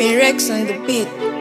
Rex on the beat.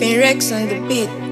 Rex on the beat.